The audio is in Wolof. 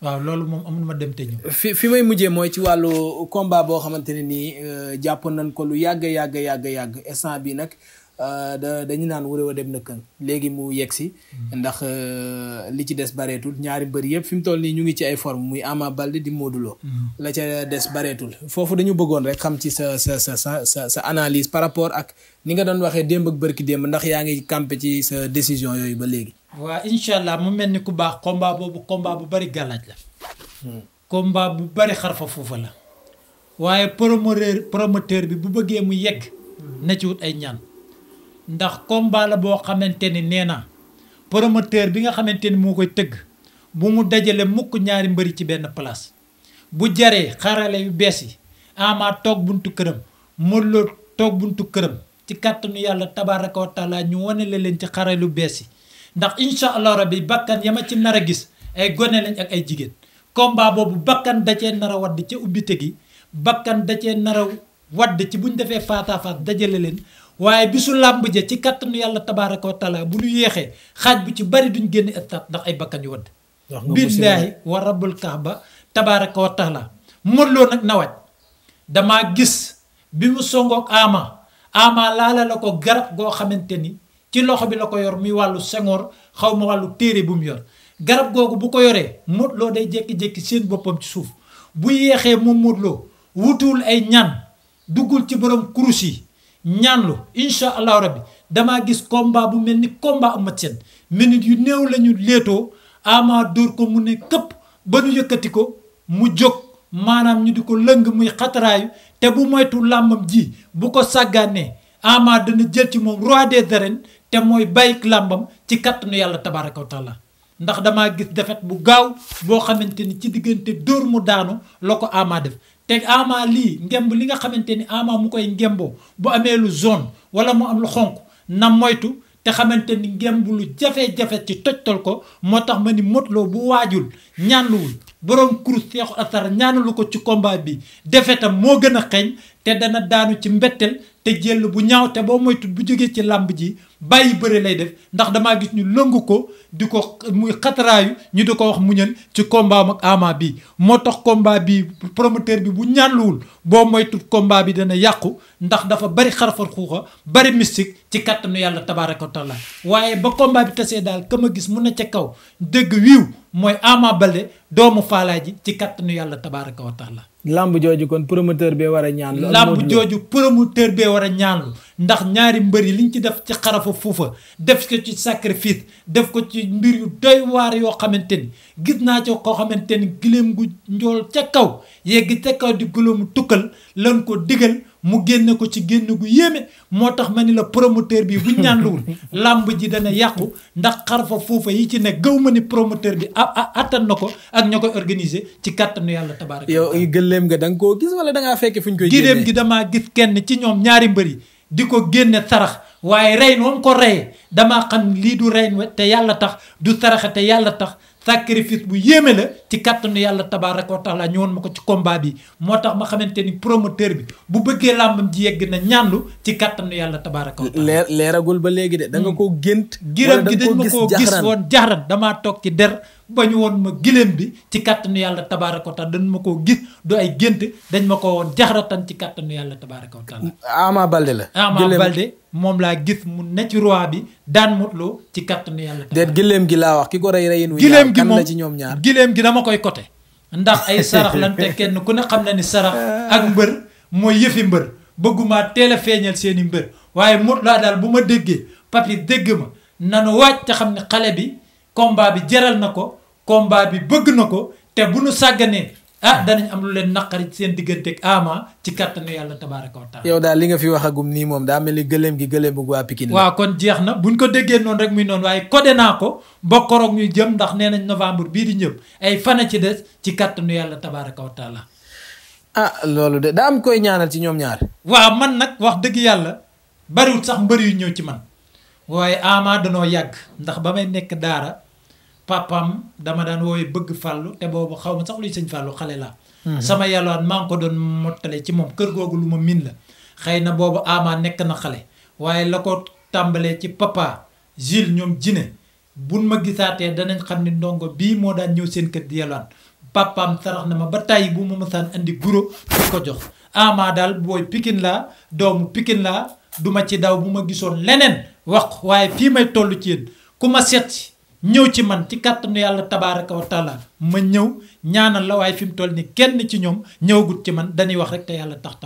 waaw loolu moom amul ma dem te ñu fi fi may mujjee mooy ci wàllu combat boo xamante ne nii euh, jàppoon nañ ko lu yàgg yàgg yàgg yàgg instant bi nag euh, da dañu naan wuréw a dem na kën léegi mu yegg si mm-hmm. ndax euh, li ci des bareetul ñaari mbër yëpp fi mu toll nii ñu ngi ci ay forme muy Ama Baldé di Modou mm-hmm. la ca des bareetul foofu dañu bëggoon rek xam ci sa sa sa sa sa sa analyse par rapport ak ni nga doon waxee démb ak bërki démb ndax yaa ngi campé ci sa décision yooyu ba léegi waa incha allah mu mel ni ku baax komba boobu komba bu bari gàllaaj la. Hmm. combat bu bari fa fuufa la. waaye promoteur promoteur bi bu bëggee mu yegg. Hmm. na ci wut ay ñaan. ndax combat la boo xamante ni nee naa promoteur bi nga xamante ni moo koy tëgg bu mu dajale mukk ñaari mbëri ci benn place bu jaree xarale yu bees yi ama toog buntu këram Modou Lo toog buntu këram ci kàttanu yàlla tabaaraka wa taala ñu wane la leen ci xarale yu bees yi ndax incha allah rabbi bakkan yama ci nar gis ay gone lañ ak ay jigéen komba boobu bakkan da cee nar a wadd ca ubbite gi bakkan da cee nar a wadd ci buñ defee faata dajale leen waaye bisu làmb ja ci kattanu yàlla tabaaraka wa taala bu ñu yéexee xaaj bu ci bari duñ génn état ndax ay bakkan yu wadd billaahi wa rabbul kaaba tabaaraka wa taala motloo nag nawaj damaa gis bi mu songoog ama ama laala la ko garab goo xamante ni ci loxo bi la ko yor muy wàllu sengoor xaw ma wàllu téere bu mu yor garab googu bu ko yoree Modou Lo day jékki-jékki seen boppam ci suuf bu yéexee moom Modou Lo wutuwul ay ñaan duggul ci borom kurus yi ñaanlu incha allahu rabbi damaa gis combat bu mel ni combat Eumeu Sène minute yu néew lañu léetoo ama dóor ko mu ne këpp ba nu yëkkati ko mu jóg maanaam ñu di ko lëng muy xataraayu te bu moytu làmbam ji bu ko sàggaanee Ama dana jël ci moom roi de arènes te mooy bàyyi làmbam ci kàttanu yàlla tabaaraka wa ndax damaa gis defet bu gaaw boo xamante ni ci diggante dóor mu daanu la ko Ama def te Ama lii ngemb li nga xamante ni Ama mu koy ngemboo bu amee lu zone wala mu am lu xonq na moytu te xamante ni ngemb lu jafe jafet ci tojtal ko moo tax ma ni Modou bu waajul ñaanluwul borom kurus seexu asar ñaanalu ko ci combat bi defetam moo gën a xeeñ te dana daanu ci mbetteel te jël bu ñaaw te boo moytu bu jóge ci làmb ji bàyyi bëre lay def ndax damaa gis ñu lëngu ko di ko muy xataraayu ñu di ko wax muñal ci combat am ak Ama bi moo tax combat bi promoteur bi bu ñaanluwul boo moytu combat bi dana yàqu ndax dafa bari xarfar xuuxa bari mystique ci kàttanu yàlla tabaaraka wa waaye ba combat bi tasee daal ka ma gis mun na ca kaw dëgg wiiw mooy Ama bale doomu Faalaay ji ci kàttanu yàlla tabaaraka wa taala. lamb jooju kon promoteur bee war a ñaanlu. lamb jooju promoteur bee war a ñaanlu. ndax ñaari mbër yi liñ ci def ci xarafa fuufa def ko ci sacrifice def ko ci mbir yu doy waar yoo xamante ni gis naa ci koo xamante ni giléem gu njool ca kaw yegg ca kaw di guloomu tukkal lan ko digal mu génne ko ci génn gu yéeme moo tax ma ni la promoteur bi bu ñànduwul làmb ji dana yàqu ndax xarafa fuufa yi ci ne gaw ma ni promoteur bi a attan na ko ak ña koy organiser ci kàttanu yàlla tabaaraka yow gëléem nga da nga koo gis wala da ngaa fekke fu ñu koy génne giléem gi damaa gis kenn ci ñoom ñaari mbër yi di ko génne sarax waaye rey wam ko reye damaa xam lii du reyn te yàlla tax du saraxe te yàlla tax sacrifice bu yéemee la ci kàttanu yàlla tabaaraka tax laa ñëwoon ma ko ci combat bi moo tax ma xamante ni promoteur bi bu bëggee làmbam ji yegg na ñàndu ci kàttanu yàlla tabaaraka wa taala. leer leeragul ba léegi de. da nga hmm. koo gént. giram gi dañ ma koo gis woon jaxran damaa toog ci der. bañ woon ma giléem bi ci kàttanu yàlla tabaaraka wa taala dañ ma ko gis du ay gént dañ ma ko woon jaxratan ci kàttanu yàlla tabaaraka wa taala Ama la Ama Baldé moom laa gis mun na ci roi bi daan motloo ci kàttanu yàlla déet giléem gi laa wax ki ko rey reyin wu giléem gi ci ñoom ñaar giléem gi dama koy côté ndax ay sarax lan kenn ku ne xam na ni sarax ak mbër mooy yëfi mbër bëgguma teel a feeñal seeni mbër waaye motloo daal bu ma déggee papi dégg ma n waaj te xam ne xale bi combat bi jaral na ko combat bi bëgg na ko te bu nu sàgganee ah danañ am lu leen naqari seen digganteeg ama ci kàttanu yàlla tabaaraka wa yow daal li nga fi wax waxagum nii moom daa mel ni gëléem gi gëléem gu waa Pikine waaw kon jeex na buñ ko déggee noonu rek muy noonu waaye codé naa ko bokkoroog ñu jëm ndax nee nañ novembre bii di ñëw ay fana ci des ci kàttanu yàlla tabaaraka wa taala ah loolu de daa am koy ñaanal ci ñoom ñaar waa man nag wax dëgg yàlla bariwul sax mbër yu ñëw ci man waaye ama danoo papam dama daan woowee bëgg fàllu te boobu xaw ma sax luy sëñ fàllu xale laa mhm. sama yàlwaan maa ngi ko doon mottalee ci moom kër googu lu ma min la xëy na boobu ama nekk na xale waaye la ko tàmbalee ci papa Gilles ñoom jine bu ma gisaatee danañ xam ne ndongo bii moo daan ñëw seen kër di yàlwaan papaam sarax na ma ba tàyyi bu ma mësaan indi guro di ko jox ama daal booy pikin laa doomu pikin laa duma ci daw bu ma gisoon leneen wax waaye fii may toll ci yéen ku ma seet ñëw ci man ci kàttanu yàlla tabaaraka wa taala ma ñëw ñaanal la waaye fi mu toll ni kenn ci ñoom ñëwagut ci man dañuy wax rek te yàlla tax tam